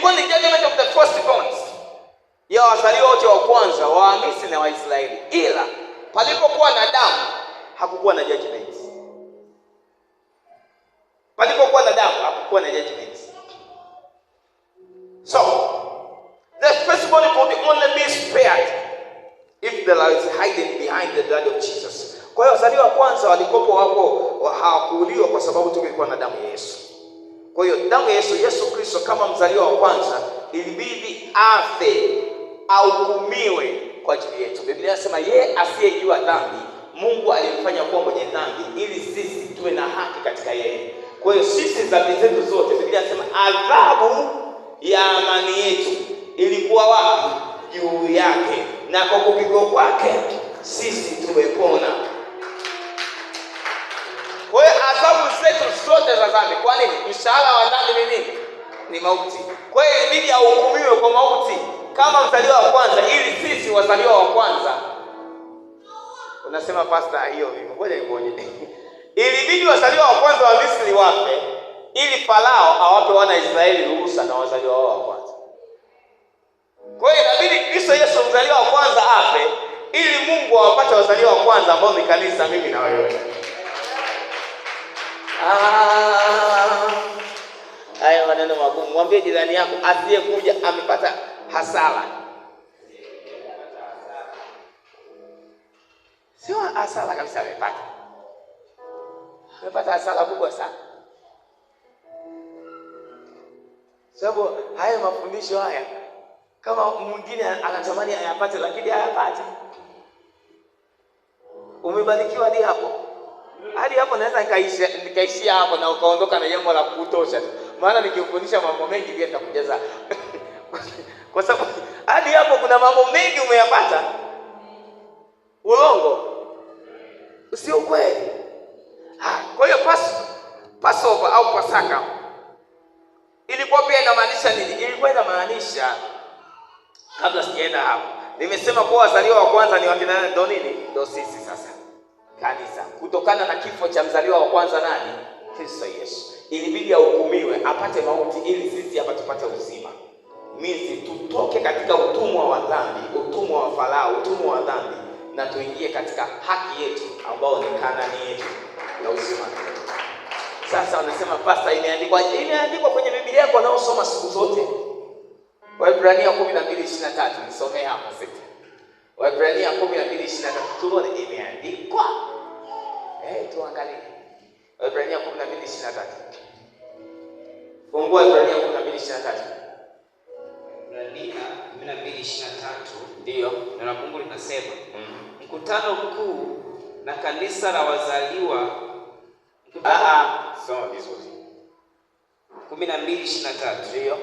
ilikuwa ni judgment of the firstborns ya wazaliwa wote wa kwanza wa Misri na Waisraeli, ila palipokuwa na damu hakukuwa na judgment. Palipokuwa na damu hakukuwa na judgment. So the firstborn could only be spared if the law is hiding behind the blood of Jesus. Kwa hiyo wazaliwa wa kwanza walikopo wapo hawakuuliwa kwa sababu tu kulikuwa na damu ya Yesu. Kwa hiyo damu ya Yesu Yesu Kristo kama mzaliwa wa kwanza ilibidi afe, ahukumiwe kwa ajili yetu. Biblia inasema yeye asiyejua dhambi Mungu alimfanya kuwa mwenye dhambi ili sisi tuwe na haki katika yeye. Kwa hiyo sisi dhambi zetu zote, Biblia inasema adhabu ya amani yetu ilikuwa wapi? Juu yake, na kwa kupigwa kwake sisi tuwe dhambi. Kwa nini? Mshahara wa dhambi ni nini? Ni mauti. Kwa hiyo ilibidi ahukumiwe kwa mauti kama mzaliwa wa kwanza, ili sisi wazaliwa wa kwanza. Unasema pasta, hiyo hivyo, ngoja nikuonyeshe. Ilibidi wazaliwa wa kwanza wa Misri wafe ili Farao awape wana Israeli ruhusa na wazaliwa wao wa kwanza. Kwa hiyo inabidi Kristo Yesu mzaliwa wa kwanza afe ili Mungu awapate wazaliwa wa kwanza ambao ni kanisa, mimi na wewe. Ah mwambie jirani yako asiyekuja amepata hasara, sio hasara kabisa, amepata amepata hasara kubwa sana, sababu haya mafundisho haya kama mwingine anatamani ayapate, lakini hayapati. Umebarikiwa hadi hapo, hadi hapo naweza nikaishia hapo na ukaondoka na jambo la kutosha maana nikikufundisha mambo mengi pia nitakujaza kwa sababu hadi hapo kuna mambo mengi umeyapata, ulongo sio ukweli. Kwa hiyo pas Passover au Pasaka ilikuwa pia inamaanisha nini? Ilikuwa inamaanisha, kabla sijaenda hapo, nimesema kuwa wazaliwa wa kwanza ni wakina ndo nini, ndo sisi sasa kanisa, kutokana na kifo cha mzaliwa wa kwanza nani Kristo Yesu. Ilibidi ahukumiwe apate mauti ili sisi hapa tupate uzima. Mizi tutoke katika utumwa wa dhambi, utumwa wa Farao, utumwa wa dhambi na tuingie katika haki yetu ambao ni Kanaani yetu na uzima. Sasa wanasema pasta, imeandikwa imeandikwa kwenye Biblia yako unaosoma siku zote. Waebrania 12:23 nisomee hapo sasa. Waebrania 12:23 tuone imeandikwa. Eh, tuangalie. Waebrania 12:23. Fungua Waebrania 12:23. Unaandika 12:23. Ndio. Na Mungu linasema, mm-hmm. Mkutano mkuu na kanisa la wazaliwa ah, ah. soma vizuri. 12:23. Ndio.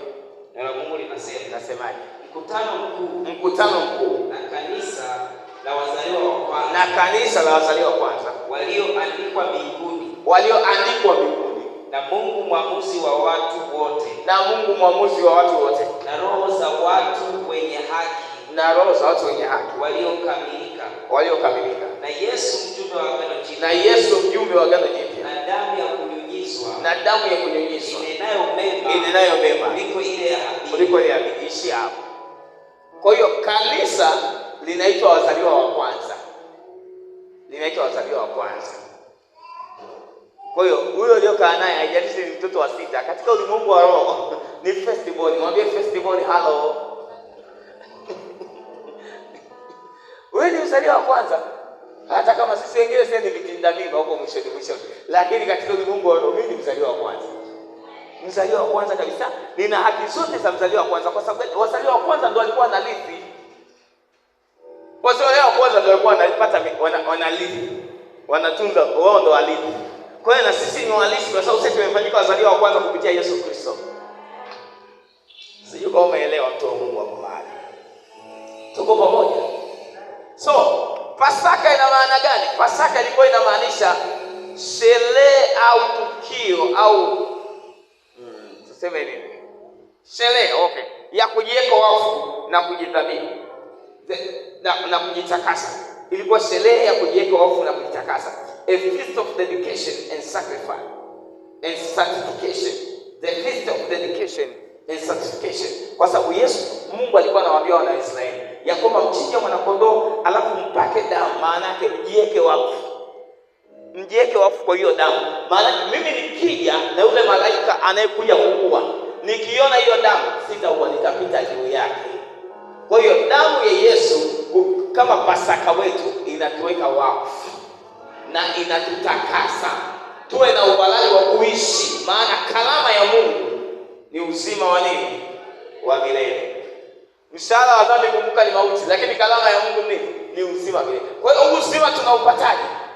Na Mungu linasema, nasemaje? Mkutano mkuu, mkutano mkuu na kanisa la wazaliwa wa kwanza, na kanisa la wazaliwa wa kwanza walioandikwa mbinguni walioandikwa mbinguni na Mungu mwamuzi wa watu wote, na Mungu mwamuzi wa watu wote, na roho za watu wenye haki, na roho za watu wenye haki waliokamilika, waliokamilika, na Yesu mjumbe wa agano jipya, na Yesu mjumbe wa agano jipya, na damu ya kunyunyizwa, na damu ya kunyunyizwa inenayo mema, inenayo mema kuliko ile ya Habili, kuliko ile ya Habili. Ishi hapo. Kwa hiyo kanisa linaitwa wazaliwa wa kwanza, linaitwa wazaliwa wa kwanza. Kwa hiyo huyo aliyokaa naye haijalishi ni mtoto wa sita, katika ulimwengu wa roho ni festival. born. Mwambie first born, hello, wewe ni mzaliwa wa kwanza. Hata kama sisi wengine sasa ni vitinda mimba huko mwisho ni mwisho, lakini katika ulimwengu wa roho mimi ni mzaliwa wa kwanza mzaliwa wa kwanza kabisa, nina haki zote za mzaliwa wa kwanza, kwa sababu wazaliwa wa kwanza ndio walikuwa na wanarithi. Wazaliwa wa kwanza ndio walikuwa wanapata wanarithi, wanatunza wao, ndio warithi. Kwa hiyo na sisi ni walisi kwa sababu sisi tumefanyika wazaliwa wa kwanza kupitia Yesu Kristo. Sijui kama umeelewa, mtu wa Mungu hapo mahali. Tuko pamoja? So Pasaka ina maana gani? Pasaka ilikuwa inamaanisha sherehe au tukio au mm, tuseme nini? Sherehe, okay, ya kujiweka wafu na kujidhamini na, na kujitakasa. Ilikuwa sherehe ya kujiweka wafu na kujitakasa a feast of dedication and sacrifice and sanctification. The feast of dedication and sanctification. Kwa sababu Yesu Mungu alikuwa anawaambia Israeli ya kwamba mchinje mwanakondoo alafu mpake damu, maana yake mjiweke wakfu mjiweke wafu kwa hiyo damu. Maana mimi nikija na yule malaika anayekuja kuua, nikiona hiyo damu sitaua, nitapita juu yake. Kwa hiyo damu ya Yesu kama Pasaka wetu inatuweka wakfu na inatutakasa tuwe na uhalali wa kuishi, maana kalama ya Mungu ni uzima wa nini? Wa milele. Mshahara wa dhambi kumbuka ni mauti, lakini kalama ya Mungu ni ni uzima milele. Kwa hiyo uzima tunaupataje?